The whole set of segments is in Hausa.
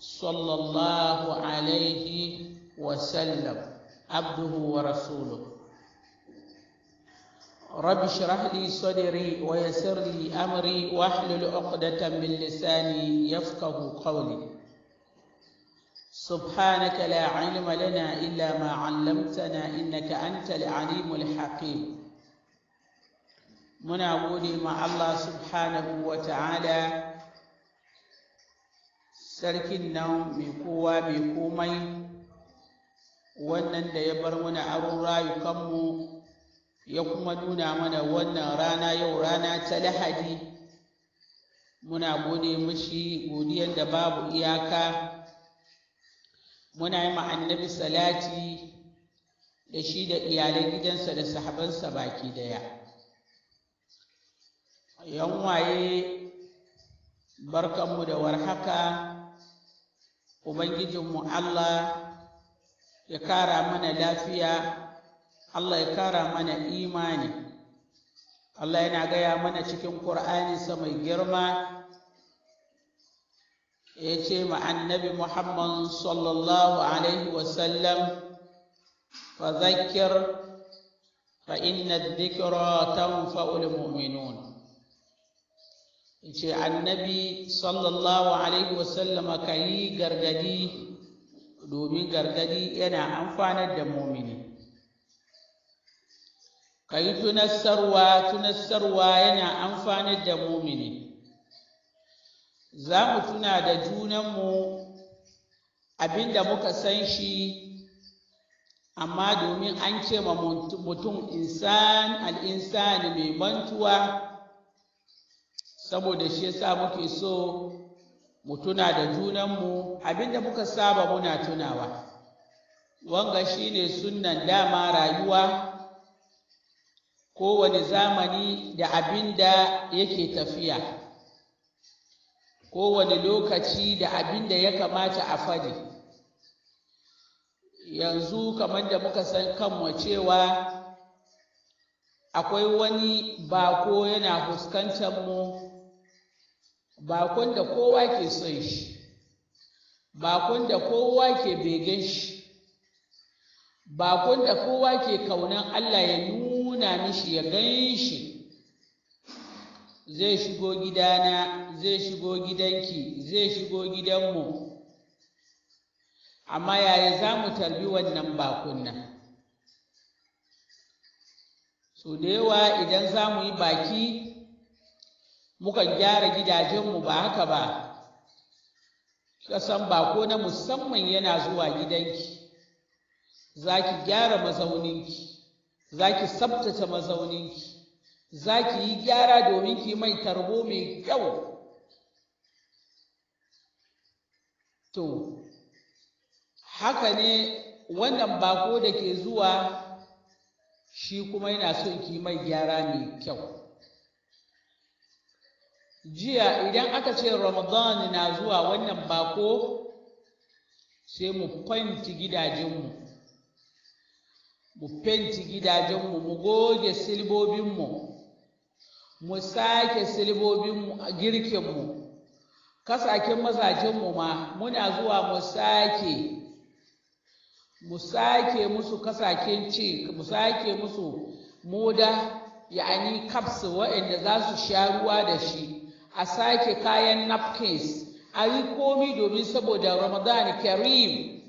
صلى الله عليه وسلم عبده ورسوله رب اشرح لي صدري ويسر لي امري واحلل عقدة من لساني يفقه قولي سبحانك لا علم لنا الا ما علمتنا انك انت العليم الحكيم منا مع الله سبحانه وتعالى sarkin nan mai kowa mai komai wannan da ya bar mana aron rayukanmu ya kuma nuna mana wannan rana yau rana ta lahadi muna gode mashi godiyar da babu iyaka muna yi annabi salati da shi da iyalai gidansa da sahabansa baki daya yan waye barkanmu da warhaka ubangijinmu Allah ya kara mana lafiya Allah ya kara mana imani Allah yana gaya mana cikin ƙur'aninsa mai girma ya ce ma annabi Muhammad sallallahu alaihi wasallam fa zakir fa inna dhikra tanfa'ul mu'minun ce annabi sallallahu alaihi wasallama ka yi gargadi domin gargadi yana amfanar da momini ka yi tunasarwa tunasarwa yana amfanar da momini za mu tuna da junanmu abinda muka san shi amma domin an ce ma mutum insan al'insani mai mantuwa saboda shi yasa muke so mu tuna da junanmu abinda muka saba muna tunawa wanga shine sunnan dama rayuwa kowane zamani da abinda yake tafiya kowane lokaci da abinda ya kamata a fadi yanzu kamar da muka san kanmu cewa akwai wani bako yana fuskantar mu bakon da kowa ke son shi bakon da kowa ke begen shi bakon da kowa ke kaunan Allah ya nuna mishi ya gan shi zai shigo gidana zai shigo gidanki zai shigo gidanmu amma yaya za mu tarbi wannan bakon nan so da yawa idan za mu yi baki mukan gyara gidajenmu ba haka ba kasan bako na musamman yana zuwa gidanki za ki gyara mazauninki za ki tsabtace mazauninki za ki yi gyara domin ki mai tarbo mai kyau to haka ne wannan bako da ke zuwa shi kuma yana son ki mai gyara mai kyau jiya idan aka ce ramadan na zuwa wannan bako sai mu fenti gidajenmu mu fenti gidajenmu mu goge silbobinmu mu sake silbobinmu a girkinmu kasakin mazajenmu ma muna zuwa mu sake mu sake musu kasakin ce mu sake musu moda ya'ani kaps waɗanda za su sha ruwa da shi a sake kayan napkins a yi komi domin saboda ramadan karim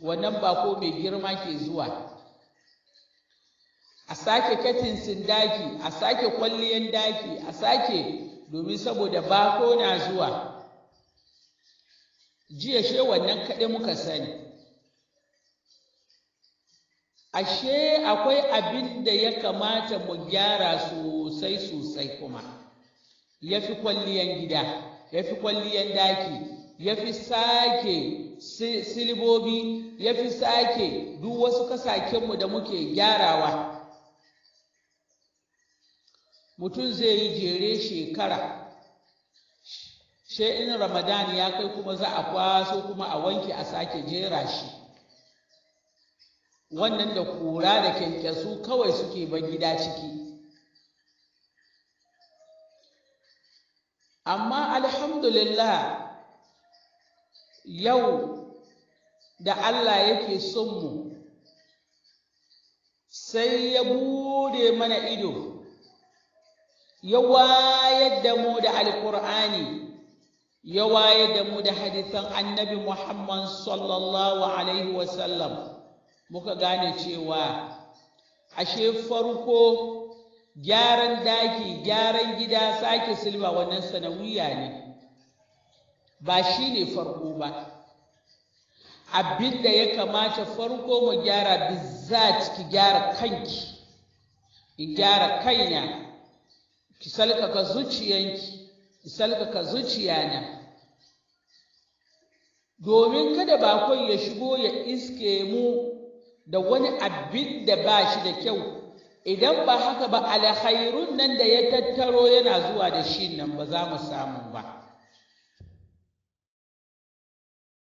wannan bako mai girma ke zuwa a sake katinsin daki a sake kwalliyan daki a sake domin saboda bako na zuwa jiya she wannan kaɗai muka sani ashe akwai abin da ya kamata mu gyara sosai sosai kuma ya fi kwalliyan gida ya fi kwalliyan daki ya fi sake silibobi ya fi sake duk wasu kasakenmu da muke gyarawa mutum zai yi jere shekara she in ramadan ya kai kuma za a kwaso kuma a wanke a sake jera shi wannan da kura da kyankyasu kawai suke ban gida ciki amma alhamdulillah yau da Allah yake son mu sai ya bude mana ido ya wayar da mu da alkur'ani ya wayar da mu da hadisan annabi muhammad sallallahu alaihi wasallam muka gane cewa ashe farko gyaran daki gyaran gida sake silba wannan sanawiya ne ba shi ne farko ba abinda ya kamata farko mu gyara bizzat ki gyara kanki in gyara kaina ki salkaka zuciyanki ki salkaka zuciyana domin kada bakon ya shigo ya iske mu da wani abin da ba shi da kyau idan ba haka ba alkhairun nan da ya tattaro yana zuwa da shi nan ba za mu samu ba